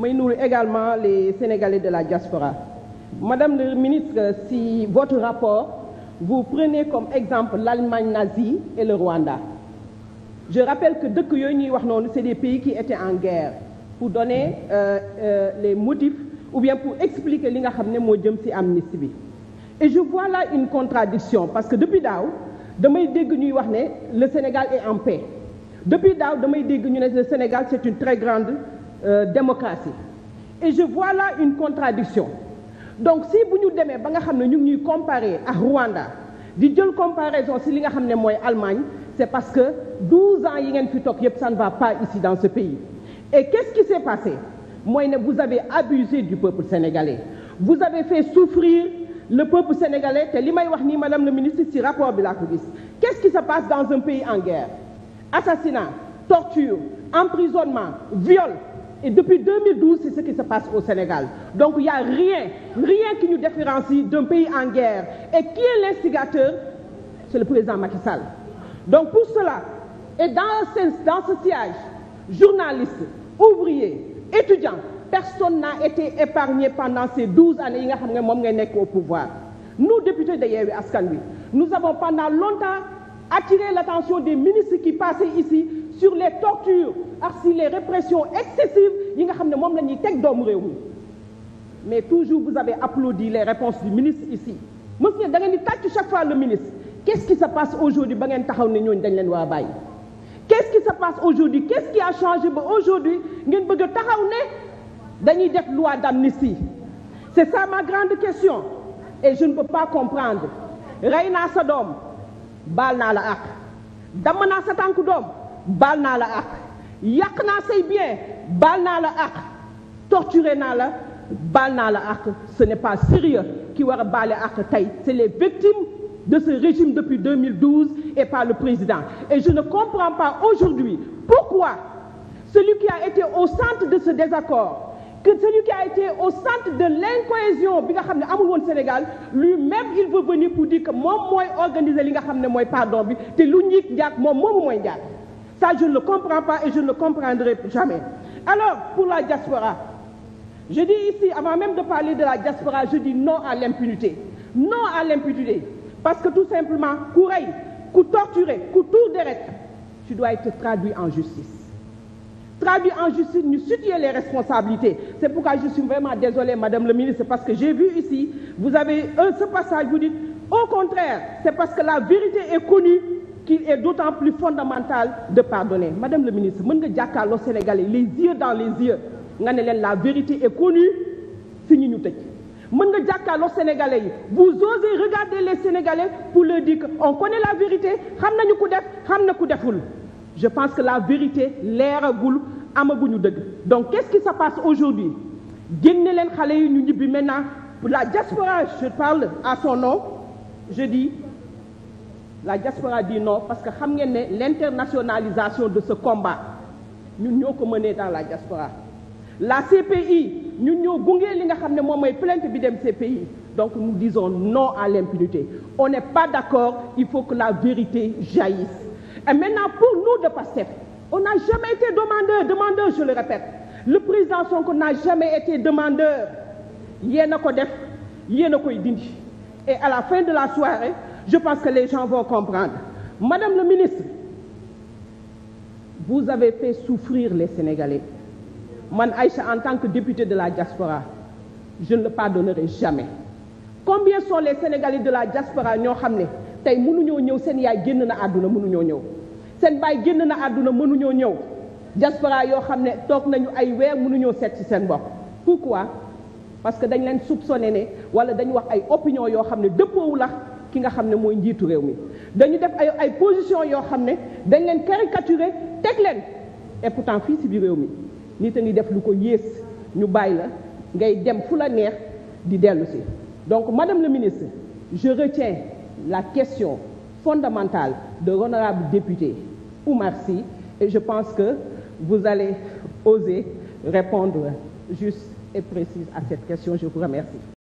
may nuyu également les Sénégalais de la diaspora. Madame le ministre, si votre rapport, vous prenez comme exemple l'Allemagne nazie et le Rwanda. Je rappelle que dëkk yooyu ñuy wax noonu c'est des pays qui étaient en guerre pour donner euh, euh, les motifs ou bien pour expliquer li nga xam ne moo jëm ci amnistie bi. Et je vois là une contradiction parce que depuis daaw damay dégg ñuy wax ne le Sénégal est en paix depuis daaw damay dégg ñu ne le Sénégal c'est très grande euh, démocratie et je vois là une contradiction donc si bu ñu demee ba nga xam ne ñu ngi ñuy comparer ak Rwanda di jël comparaison si li nga xam ne mooy Allemagne c'est parce que 12 ans yi ngeen fi toog yëpp ça ne va pas ici dans ce pays et qu'est-ce qui s'est passé mooy ne vous avez abusé du peuple sénégalais vous avez fait souffrir le peuple sénégalais te li may wax nii madame la ministre ci rapport bi laa ko gis qu'est-ce qui se passe dans un pays en guerre assassinat torture Et depuis 2012, c'est ce qui se passe au Sénégal. Donc il n'y a rien, rien qui nous différencie d'un pays en guerre. Et qui est l'instigateur C'est le président Macky Sall. Donc pour cela, et dans ce, dans ce siège, journalistes, ouvriers, étudiants, personne n'a été épargné pendant ces 12 années au pouvoir. Nous, députés de Yewi Askanui, nous avons pendant longtemps attiré l'attention des ministres qui passaient ici sur les tortures ak si les répressions excessives yi nga xam ne moom la ñuy teg doomu réew mi mais toujours vous avez applaudi les réponses du ministre ici monsieur da ngeen di tàccu chaque fois le ministre qu'est-ce qui se passe aujourd'hui ba ngeen taxaw ne ñooñu dañ leen waa bàyyi qu'est-ce qui se passe a changé ba aujourd'hui ngeen bëgg a taxaw ne dañuy def loi d'amnistie c'est ça ma grande question et je ne peux pas comprendre rey naa sa doom baal naa la àq damm naa sa tànk doom bal naa la àq yàq naa say bien baal naa la àq torturé naa la baal naa la àq ce n'est pas sérieux ki war a baale àq tey c'est les victimes de ce régime depuis 2012 et par le président et je ne comprends pas aujourd'hui pourquoi celui qui a été au centre de ce désaccord que celui qui a été au centre de l'incohésion bi nga xam ne amul woon Sénégal lui-même il veut venir pour dire que moom mooy organiser li nga xam ne mooy pardon bi te lu ñiig njaag moom moomu mooy njaag Ça, je ne le comprends pas et je ne le comprendrai jamais. Alors, pour la diaspora, je dis ici, avant même de parler de la diaspora, je dis non à l'impunité. Non à l'impunité. Parce que tout simplement, courir, coup torturé, coup tour d'être, tu dois être traduit en justice. Traduit en justice, nous situer les responsabilités. C'est pourquoi je suis vraiment désolée, Madame le ministre, parce que j'ai vu ici, vous avez un, ce passage, vous dites, au contraire, que la vérité est qu'il est d'autant plus fondamental de pardonner madame la ministre mën nga jàkkaarloo Sénégalais les yeux dans les yeux nga ne leen la vérité est connue si ñu ñu tëj mën nga jàkkaarloo Sénégalais yi vous osez regarder les Sénégalais pour leur dire que on connaît la vérité xam nañu ku def xam na ku deful je pense que la vérité leeragul amaguñu dëgg donc qu'est-ce qui se passe aujourd'hui génne leen xale yi ñu ñibbi maintenant pour la diaspora je parle à son nom je dis La diaspora dit non parce que xam ngeen ne l'internationalisation de ce combat ñun ñoo ko mené dans la diaspora. La CPI ñun ñoo gunge li nga xam ne moom mooy plainte bi dem CPI donc nous disons non à l'impunité. On n'est pas d'accord, il faut que la vérité jaillisse. Et maintenant pour nous de PASTEF, on n'a jamais été demandeur, demandeur, je le répète. Le président Sonko n'a jamais été demandeur. Yéen a ko def, yéen a koy dindi. Et à la fin de la soirée Je pense que les gens vont comprendre. Madame le ministre, vous avez fait souffrir les sénégalit Man ay Aïcha, en tant que députée de la diaspora, je ne le pardonnerai jamais. Combien sont les sénégalit de la diaspora ñoo xam ne tey mënuñoo ñëw seen yaay génn na àdduna mënuñoo ñëw seen baay génn na àdduna mënuñoo ñëw diaspora yoo xam ne toog nañu ay weer mënuñoo seet ci seen bopp. Pourquoi parce que dañu leen soupçonné ne wala dañu wax ay opinion yoo xam ne dëppoowul ak ki nga xam ne mooy njiitu réew mi dañu def ay ay position yoo xam ne dañ leen caricaturer teg leen et pourtant fii si biir réew mi nit a ngi def lu ko yées ñu bàyyi la ngay dem fu la neex di dellu si donc madame la ministre je retiens la question fondamentale de l'honorable député Oumar Sy et je pense que vous allez oser répondre juste et précise à cette question je vous remercie